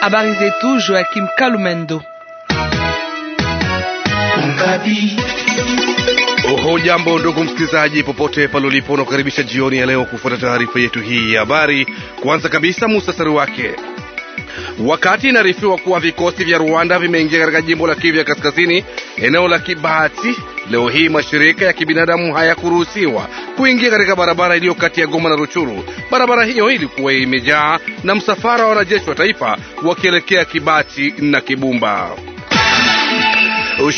Habari zetu Joachim Kalumendo. jambo ndugu msikilizaji, popote pale ulipo, unakukaribisha jioni ya leo kufuata taarifa yetu hii ya habari. Kwanza kabisa, musasari wake Wakati inaarifiwa kuwa vikosi vya Rwanda vimeingia katika jimbo la Kivu ya Kaskazini, eneo la Kibati, Leo hii mashirika ya kibinadamu hayakuruhusiwa kuingia katika barabara iliyo kati ya Goma na Ruchuru. Barabara hiyo ilikuwa imejaa na msafara wa wanajeshi wa taifa wakielekea Kibati na Kibumba.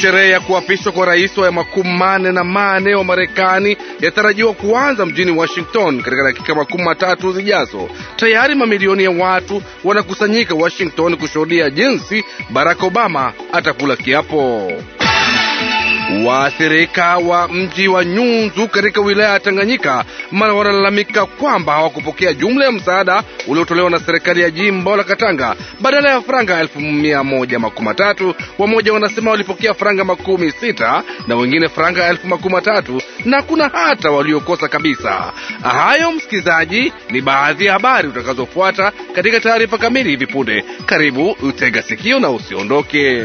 Sherehe ya kuapishwa kwa rais wa makumi mane na mane wa Marekani yatarajiwa kuanza mjini Washington katika dakika makumi matatu zijazo. Tayari mamilioni ya watu wanakusanyika Washington kushuhudia jinsi Barack Obama atakula kiapo. Waathirika wa mji wa Nyunzu katika wilaya ya Tanganyika mara wanalalamika kwamba hawakupokea jumla ya msaada uliotolewa na serikali ya jimbo la Katanga. Badala ya franga elfu mia moja makumi matatu wamoja wanasema walipokea franga makumi sita na wengine franga elfu makumi matatu na kuna hata waliokosa kabisa. Hayo msikilizaji, ni baadhi ya habari utakazofuata katika taarifa kamili hivi punde. Karibu utega sikio na usiondoke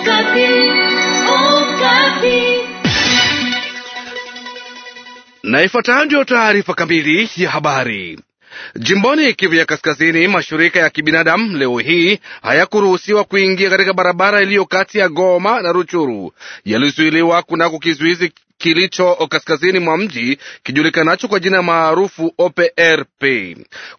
Ukati na ifuatayo taarifa kamili ya habari. Jimboni Kivu ya Kaskazini, mashirika ya kibinadamu leo hii hayakuruhusiwa kuingia katika barabara iliyo kati ya Goma na Ruchuru, yalizuiliwa kunako kizuizi kilicho kaskazini mwa mji kijulikanacho kwa jina maarufu OPRP.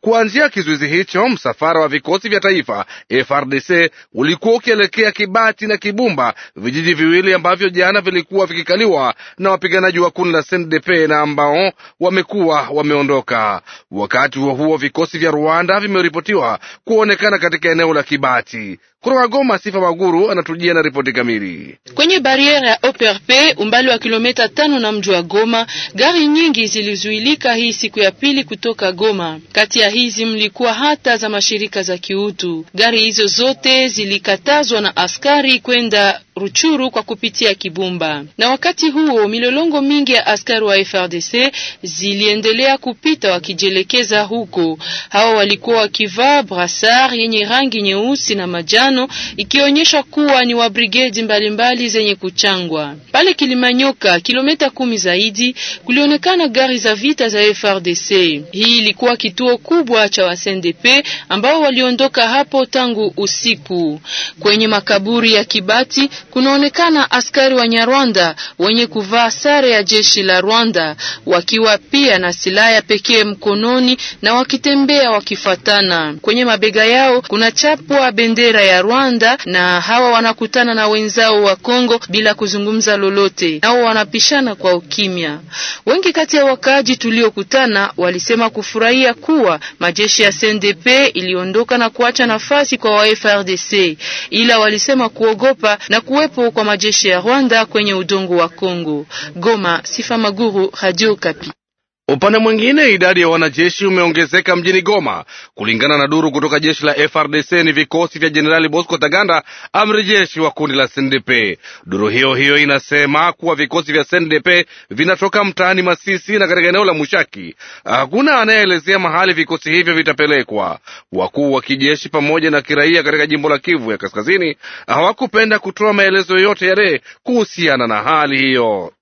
Kuanzia kizuizi hicho, msafara wa vikosi vya taifa FRDC ulikuwa ukielekea Kibati na Kibumba, vijiji viwili ambavyo jana vilikuwa vikikaliwa na wapiganaji wa kundi la SNDP na ambao wamekuwa wameondoka. Wakati huo huo, vikosi vya Rwanda vimeripotiwa kuonekana katika eneo la Kibati. Kutoka Goma, Sifa Maguru anatujia na ripoti kamili. Kwenye bariere ya OPRP umbali wa kilomita tano na mji wa Goma, gari nyingi zilizuilika hii siku ya pili kutoka Goma. Kati ya hizi mlikuwa hata za mashirika za kiutu. Gari hizo zote zilikatazwa na askari kwenda Ruchuru kwa kupitia Kibumba. Na wakati huo milolongo mingi ya askari wa FRDC ziliendelea kupita wakijielekeza huko. hawa walikuwa wakivaa brasar yenye rangi nyeusi na majani tano ikionyesha kuwa ni wa brigedi mbalimbali zenye kuchangwa. Pale Kilimanyoka, kilomita kumi zaidi, kulionekana gari za vita za FRDC. Hii ilikuwa kituo kubwa cha wasNDP ambao waliondoka hapo tangu usiku. Kwenye makaburi ya Kibati kunaonekana askari wa Nyarwanda wenye kuvaa sare ya jeshi la Rwanda wakiwa pia na silaha ya pekee mkononi na wakitembea wakifatana. Kwenye mabega yao kuna chapwa bendera ya Rwanda na hawa wanakutana na wenzao wa Kongo bila kuzungumza lolote, nao wanapishana kwa ukimya. Wengi kati ya wakaaji tuliokutana walisema kufurahia kuwa majeshi ya CNDP iliondoka na kuacha nafasi kwa wa FRDC, ila walisema kuogopa na kuwepo kwa majeshi ya Rwanda kwenye udongo wa Kongo. Goma, Sifa Maguru, Radio Kapi. Upande mwingine idadi ya wanajeshi umeongezeka mjini Goma. Kulingana na duru kutoka jeshi la FRDC ni vikosi vya Jenerali Bosco Taganda, amri jeshi wa kundi la CNDP. Duru hiyo hiyo inasema kuwa vikosi vya CNDP vinatoka mtaani Masisi na katika eneo la Mushaki. Hakuna anayeelezea mahali vikosi hivyo vitapelekwa. Wakuu wa kijeshi pamoja na kiraia katika jimbo la Kivu ya Kaskazini hawakupenda kutoa maelezo yote yale kuhusiana na hali hiyo.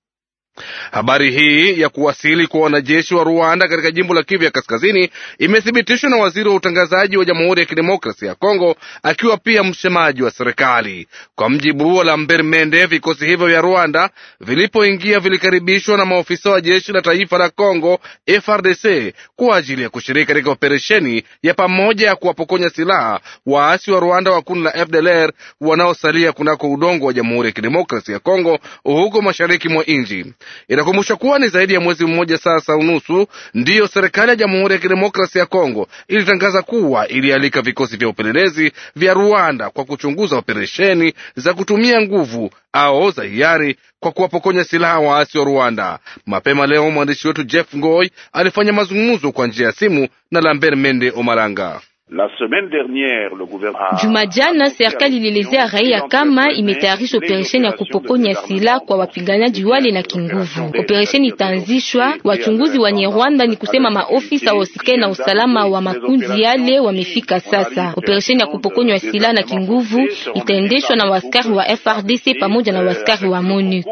Habari hii ya kuwasili kwa wanajeshi wa Rwanda katika jimbo la Kivu ya Kaskazini imethibitishwa na waziri wa utangazaji wa Jamhuri ya Kidemokrasia ya Kongo akiwa pia msemaji wa serikali. Kwa mjibu wa Lambert Mende, vikosi hivyo vya Rwanda vilipoingia vilikaribishwa na maofisa wa jeshi la taifa la Kongo FRDC kwa ajili ya kushiriki katika operesheni ya pamoja ya kuwapokonya silaha waasi wa Rwanda wa kundi la FDLR wanaosalia kunako udongo wa Jamhuri ya Kidemokrasia ya Kongo huko mashariki mwa nchi. Inakumbushwa kuwa ni zaidi ya mwezi mmoja sasa unusu ndiyo serikali ya Jamhuri ya Kidemokrasia ya Kongo ilitangaza kuwa ilialika vikosi vya upelelezi vya Rwanda kwa kuchunguza operesheni za kutumia nguvu au za hiari kwa kuwapokonya silaha waasi wa Rwanda. Mapema leo mwandishi wetu Jeff Ngoy alifanya mazungumzo kwa njia ya simu na Lambert Mende omaranga la semaine dernière, le gouvernement... Jumajana serikali ilielezea raia kama imetayarisha operesheni ya kupokonya silaha kwa wapiganaji wale na kinguvu. Operesheni itaanzishwa. Wachunguzi wa Nyerwanda ni kusema maofisa wasikae na usalama wa makundi yale wamefika sasa. Operesheni ya kupokonywa silaha na kinguvu itaendeshwa na waskari wa FRDC pamoja na waskari euh, wa MONUC.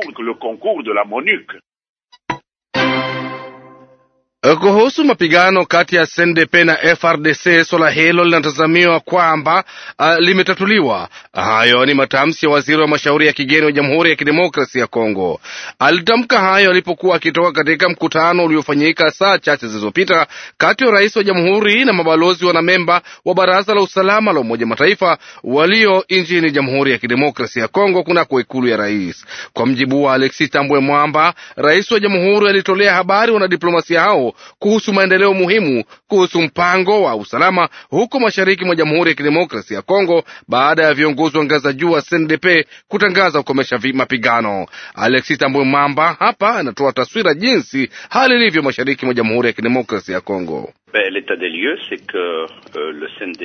Eh, kuhusu mapigano kati ya sndp na FRDC, swala hilo linatazamiwa kwamba uh, limetatuliwa. Hayo ni matamshi ya waziri wa mashauri ya kigeni wa Jamhuri ya Kidemokrasia ya Kongo. Alitamka hayo alipokuwa akitoka katika mkutano uliofanyika saa chache zilizopita kati ya rais wa jamhuri na mabalozi wanamemba wa Baraza la Usalama la Umoja Mataifa walio nchini Jamhuri ya Kidemokrasia ya Kongo kunako ikulu ya rais. Kwa mjibu wa Alexis Tambwe Mwamba, rais wa jamhuri alitolea habari wanadiplomasia hao kuhusu maendeleo muhimu kuhusu mpango wa usalama huko mashariki mwa Jamhuri ya Kidemokrasia ya Kongo baada ya viongozi wa ngazi za juu wa CNDP kutangaza kukomesha mapigano. Alexis Tambwe Mamba hapa anatoa taswira jinsi hali ilivyo mashariki mwa Jamhuri ya Kidemokrasia ya Kongo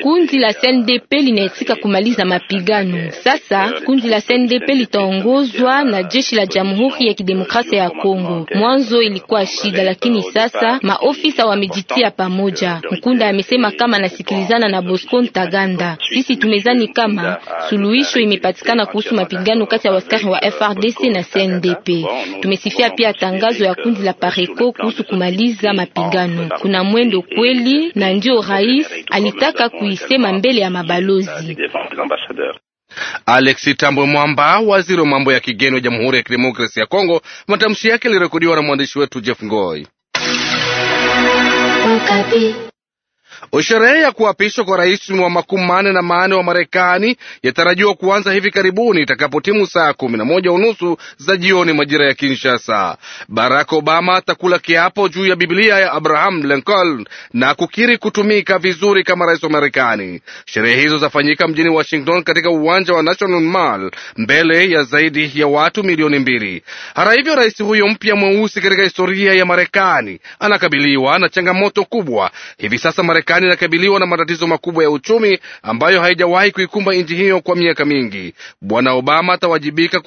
kundi la CNDP linaitika kumaliza mapigano sasa. Kundi la CNDP litaongozwa na jeshi la Jamhuri ya Kidemokrasia ya Kongo. Mwanzo ilikuwa shida, lakini sasa maofisa wamejitia pamoja. Mkunda amesema kama nasikilizana na Bosco Ntaganda, sisi tumezani kama suluhisho imepatikana kuhusu mapigano kati ya waskari wa FRDC na CNDP. Tumesifia pia tangazo ya kundi la Pareco kuhusu kumaliza mapigano. Kuna mwendo kweli, na ndio rais alitaka kuisema mbele ya mabalozi. Alexi Tambwe Mwamba, waziri wa mambo ya kigeni wa Jamhuri ya Kidemokrasia ya Kongo. Matamshi yake yalirekodiwa na mwandishi wetu Jeff Ngoi. Sherehe ya kuapishwa kwa rais wa makumi manne na manne wa Marekani yatarajiwa kuanza hivi karibuni itakapo timu saa kumi na moja unusu za jioni majira ya Kinshasa. Barack Obama atakula kiapo juu ya Biblia ya Abraham Lincoln na kukiri kutumika vizuri kama rais wa Marekani. Sherehe hizo zafanyika mjini Washington katika uwanja wa National Mall mbele ya zaidi ya watu milioni mbili. Hata hivyo, rais huyo mpya mweusi katika historia ya Marekani anakabiliwa na changamoto kubwa hivi sasa Marekani Marekani inakabiliwa na matatizo makubwa ya uchumi ambayo haijawahi kuikumba nchi hiyo kwa miaka mingi. Bwana Obama atawajibika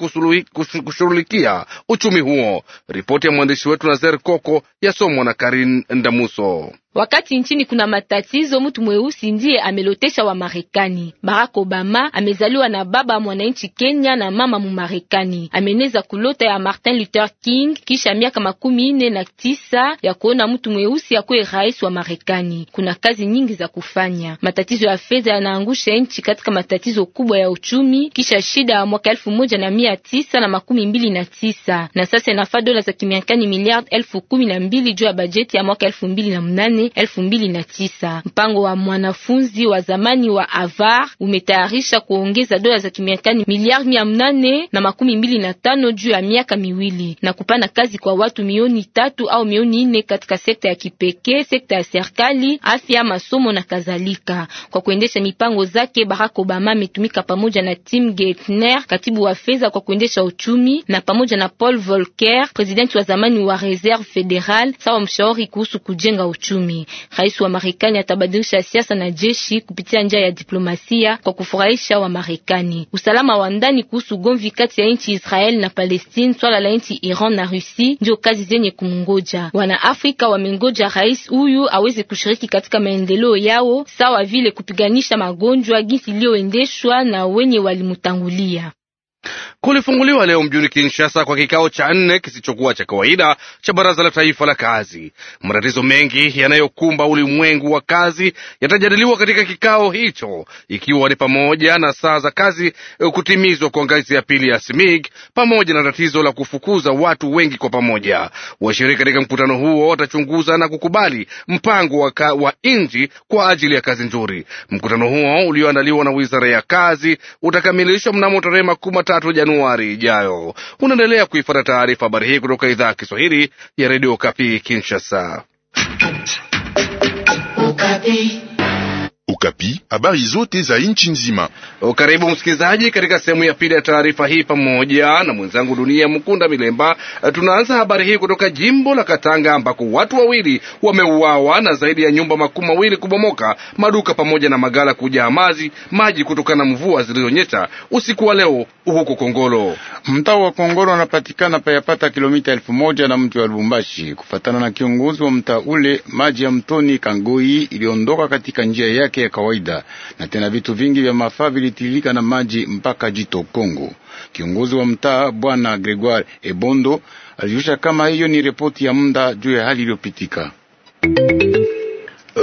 kushughulikia uchumi huo. Ripoti ya mwandishi wetu Nazer Koko yasomwa na Karin Ndamuso. Wakati nchini kuna matatizo, mtu mweusi ndiye amelotesha wa Marekani. Barack Obama amezaliwa na baba mwananchi Kenya na mama Mumarekani. Ameneza kulota ya Martin Luther King kisha miaka makumi ine na tisa ya kuona mtu mweusi akuwe rais wa Marekani. Kuna kazi nyingi za kufanya. Matatizo ya fedha yanaangusha nchi katika matatizo kubwa ya uchumi kisha shida ya mwaka elfu moja na mia tisa na makumi mbili na tisa na sasa inafaa dola za kimiakani miliardi elfu kumi na mbili juu ya bajeti ya mwaka elfu mbili na mnane elfu mbili na tisa. Mpango wa mwanafunzi wa zamani wa Avar umetayarisha kuongeza dola za kimiatani miliardi mia mnane na makumi mbili na tano juu ya miaka miwili na kupana kazi kwa watu milioni tatu au milioni nne katika sekta ya kipekee, sekta ya serikali, afya, masomo na kadhalika. Kwa kuendesha mipango zake, Barack Obama ametumika pamoja na Tim Geithner, katibu wa fedha kwa kuendesha uchumi, na pamoja na Paul Volcker, presidenti wa zamani wa Reserve Federal, sawa mshauri kuhusu kujenga uchumi uchumi. Rais wa Marekani atabadilisha siasa na jeshi kupitia njia ya diplomasia kwa kufurahisha wa Marekani. Usalama wa ndani kuhusu gomvi kati ya nchi Israel na Palestine, swala la nchi Iran na Rusi ndio kazi zenye kumngoja. Wana Afrika wamengoja rais huyu aweze kushiriki katika maendeleo yao sawa vile kupiganisha magonjwa, jinsi iliyoendeshwa na wenye walimutangulia kulifunguliwa leo mjini Kinshasa kwa kikao cha nne kisichokuwa cha kawaida cha baraza la taifa la kazi. Matatizo mengi yanayokumba ulimwengu wa kazi yatajadiliwa katika kikao hicho, ikiwa ni pamoja na saa za kazi eh, kutimizwa kwa ngazi ya pili ya SMIG pamoja na tatizo la kufukuza watu wengi kwa pamoja. Washiriki katika mkutano huo watachunguza na kukubali mpango wa, wa nji kwa ajili ya kazi nzuri. Mkutano huo ulioandaliwa na wizara ya kazi utakamilishwa mnamo tarehe makumi matatu Januari. Januari ijayo. Unaendelea kuifata taarifa habari hii kutoka idhaa ya Kiswahili ya redio Kapi Kinshasa. Okapi habari zote za nchi nzima. Karibu msikilizaji, katika sehemu ya pili ya taarifa hii pamoja na mwenzangu Dunia Mkunda Milemba. Tunaanza habari hii kutoka jimbo la Katanga ambako watu wawili wameuawa na zaidi ya nyumba makumi mawili kubomoka, maduka pamoja na magala kujaa maji kutokana na mvua zilizonyesha usiku wa leo huko Kongolo. Mtao wa kongoro unapatikana payapata kilomita elfu moja na mji wa Lubumbashi. Kufatana na kiongozi wa mtaa ule, maji ya mtoni Kangoi iliondoka katika njia yake ya kawaida, na tena vitu vingi vya mafaa vilitilika na maji mpaka jito Kongo. Kiongozi wa mtaa Bwana Gregoire Ebondo alijulisha kama hiyo ni ripoti ya muda juu ya hali iliyopitika.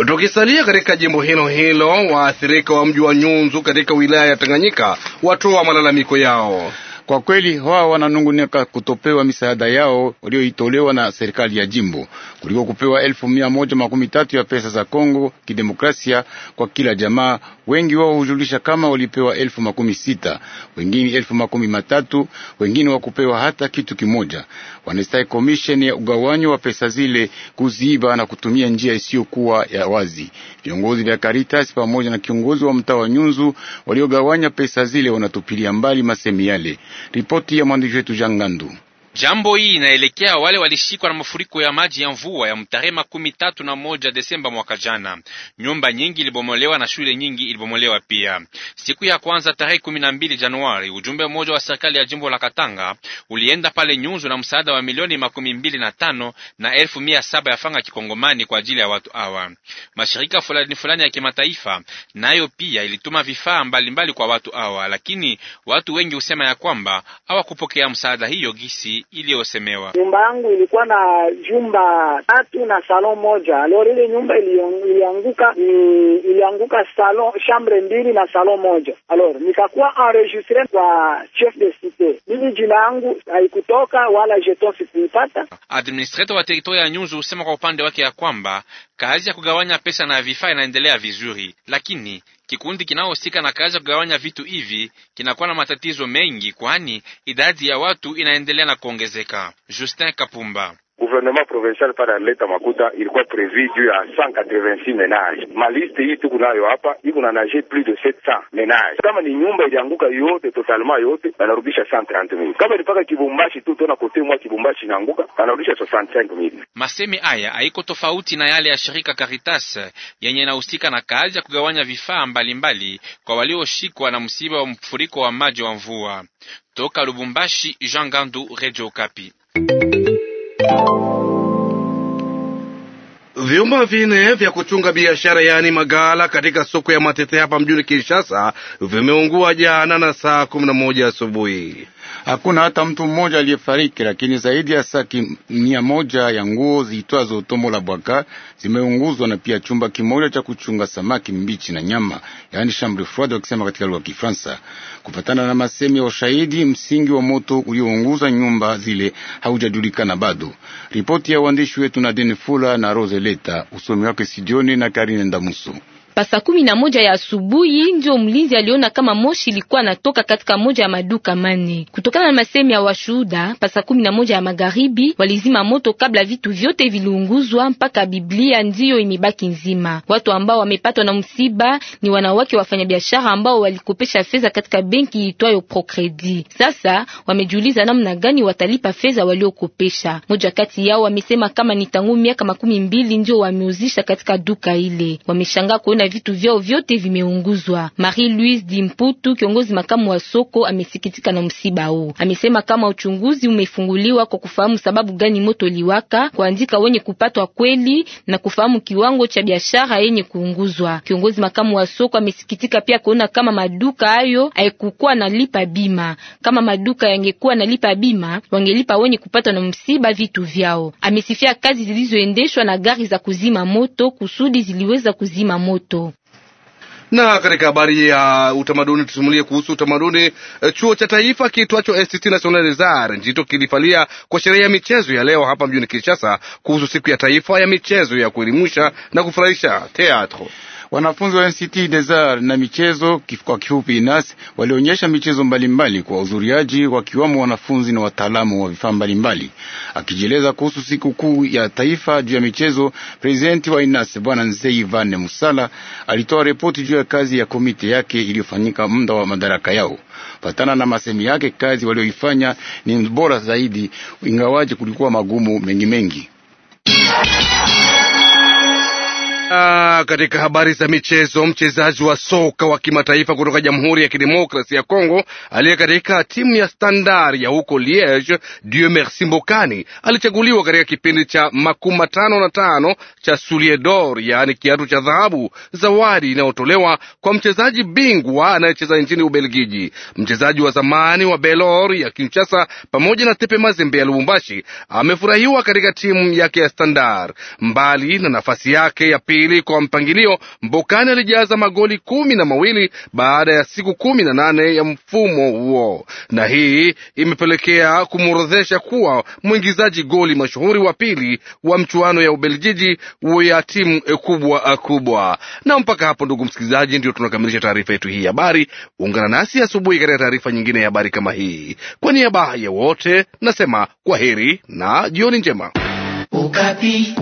Tukisalia katika jimbo hilo hilo, waathirika wa mji wa Nyunzu katika wilaya ya Tanganyika watoa malalamiko yao. Kwa kweli hoa wananungunika kutopewa misaada yao walioitolewa na serikali ya jimbo kuliko kupewa elfu mia moja makumi tatu ya pesa za Kongo Kidemokrasia kwa kila jamaa. Wengi wao hujulisha kama walipewa elfu makumi sita wengine elfu makumi matatu wengine wakupewa hata kitu kimoja wanastahi komisheni ya ugawanyo wa pesa zile kuziba na kutumia njia isiyokuwa ya wazi. Viongozi vya karitas pamoja na kiongozi wa mtaa wa Nyunzu waliogawanya pesa zile wanatupilia mbali masemi yale. Ripoti ya mwandishi wetu Jangandu. Jambo hii inaelekea wale walishikwa na mafuriko ya maji ya mvua ya mtarehe makumi tatu na moja Desemba mwaka jana. Nyumba nyingi ilibomolewa na shule nyingi ilibomolewa pia. Siku ya kwanza tarehe kumi na mbili Januari, ujumbe mmoja wa serikali ya jimbo la Katanga ulienda pale Nyunzu na msaada wa milioni makumi mbili na tano na elfu mia saba ya fanga kikongomani kwa ajili ya watu hawa. Mashirika fulani fulani ya kimataifa nayo pia ilituma vifaa mbalimbali kwa watu hawa, lakini watu wengi husema ya kwamba hawakupokea msaada hiyo gisi iliyosemewa. Nyumba yangu ilikuwa na vyumba tatu na salon moja. Leo ile nyumba ilianguka, mm, ilianguka salon chambre mbili na salon moja. Alors nikakuwa enregistre kwa chef de cite. Mimi jina yangu haikutoka wala jeton sikuipata. Administrator wa teritoria ya Nyunzu husema kwa upande wake ya kwamba kazi ya kugawanya pesa na vifaa inaendelea vizuri, lakini Kikundi kinaohusika na kazi ya kugawanya vitu hivi kinakuwa na matatizo mengi, kwani idadi ya watu inaendelea na kuongezeka. Justin Kapumba Gouvernement provincial para leta makuta ilikuwa prevu juu ya 186 menage. Maliste hii tuku nayo hapa iko na nage plus de 700 menage. Kama ni nyumba ilianguka yote totalement yote, banarudisha 130,000. Kama ilipaka Kibumbashi tu tona kote mwa Kibumbashi inaanguka, banarudisha 65,000. Masemi haya haiko tofauti na yale ya shirika Caritas yenye inahusika na kazi ya kugawanya vifaa mbalimbali kwa walioshikwa na msiba wa mfuriko wa maji wa mvua. Toka Lubumbashi, Jean Gandu, Radio Kapi. Vyumba vine vya kuchunga biashara yaani magala katika soko ya Matete hapa mjini Kinshasa vimeungua jana na saa kumi na moja asubuhi. Hakuna hata mtu mmoja aliyefariki, lakini zaidi ya saki mia moja ya nguo ziitwazo tomo la bwaka zimeunguzwa na pia chumba kimoja cha kuchunga samaki mbichi na nyama, yaani chambre froide wakisema katika lugha ya Kifaransa. Kufatana na masemi ya ushahidi, msingi wa moto uliounguza nyumba zile haujajulikana bado. Ripoti ya uandishi wetu na fula na Roseleta, usomi wake Sidioni na Karine Ndamusu. Pasa kumi na moja ya asubuhi ndio mlinzi aliona kama moshi ilikuwa natoka katika moja ya maduka mane. Kutokana na masemi ya washuhuda, pasa kumi na moja ya magharibi walizima moto kabla vitu vyote viliunguzwa, mpaka Biblia ndiyo imebaki nzima. Watu ambao wamepatwa na msiba ni wanawake wafanyabiashara ambao walikopesha fedha katika benki itwayo prokredi Sasa wamejiuliza namna gani watalipa fedha waliokopesha. Moja kati yao wamesema kama ni tangu miaka makumi mbili ndio wameuzisha katika duka ile. Wameshangaa kuona na vitu vyao vyote vimeunguzwa. Marie Louise Dimputu, kiongozi makamu wa soko, amesikitika na msiba huu. Amesema kama uchunguzi umefunguliwa kwa kufahamu sababu gani moto liwaka, kuandika wenye kupatwa kweli na kufahamu kiwango cha biashara yenye kuunguzwa. Kiongozi makamu wa soko amesikitika pia kuona kama maduka hayo haikukuwa lipa bima. Kama maduka yangekuwa na lipa bima, wangelipa wenye kupatwa na msiba vitu vyao. Amesifia kazi zilizoendeshwa na gari za kuzima moto kusudi ziliweza kuzima moto watoto na katika habari ya utamaduni tusimulie kuhusu utamaduni. Eh, chuo cha taifa kiitwacho Institut National des Arts kilifalia kwa sherehe ya michezo ya leo hapa mjini Kinshasa kuhusu siku ya taifa ya michezo ya kuelimisha na kufurahisha teatro Wanafunzi wa NCT Desar na michezo kwa kifupi INAS walionyesha michezo mbalimbali kwa uzuriaji, wakiwamo wanafunzi na wataalamu wa vifaa mbalimbali. Akijieleza kuhusu siku kuu ya taifa juu ya michezo, prezidenti wa INAS Bwana Nzei Vane Musala alitoa ripoti juu ya kazi ya komite yake iliyofanyika muda wa madaraka yao. Patana na masemi yake, kazi walioifanya ni bora zaidi, ingawaje kulikuwa magumu mengi mengi. Ah, katika habari za michezo, mchezaji wa soka wa kimataifa kutoka Jamhuri ya kidemokrasi ya Kongo aliye katika timu ya Standard ya huko Liege, Dieu Merci Mbokani alichaguliwa katika kipindi cha makumi matano na tano cha Soulier d'Or, yaani kiatu cha dhahabu, zawadi inayotolewa kwa mchezaji bingwa anayecheza nchini Ubelgiji. Mchezaji wa zamani wa Belor ya Kinshasa pamoja na Tepe Mazembe ya Lubumbashi amefurahiwa katika timu yake ya Standard mbali na nafasi yake ya pili kwa mpangilio, Mbokani alijaza magoli kumi na mawili baada ya siku kumi na nane ya mfumo huo, na hii imepelekea kumworodhesha kuwa mwingizaji goli mashuhuri wa pili wa mchuano ya Ubeljiji ya timu kubwa kubwa. Na mpaka hapo, ndugu msikilizaji, ndio tunakamilisha taarifa yetu hii habari. Ungana nasi asubuhi katika taarifa nyingine ya habari kama hii. Kwa niaba ya wote nasema kwa heri na jioni njema. Ukapi.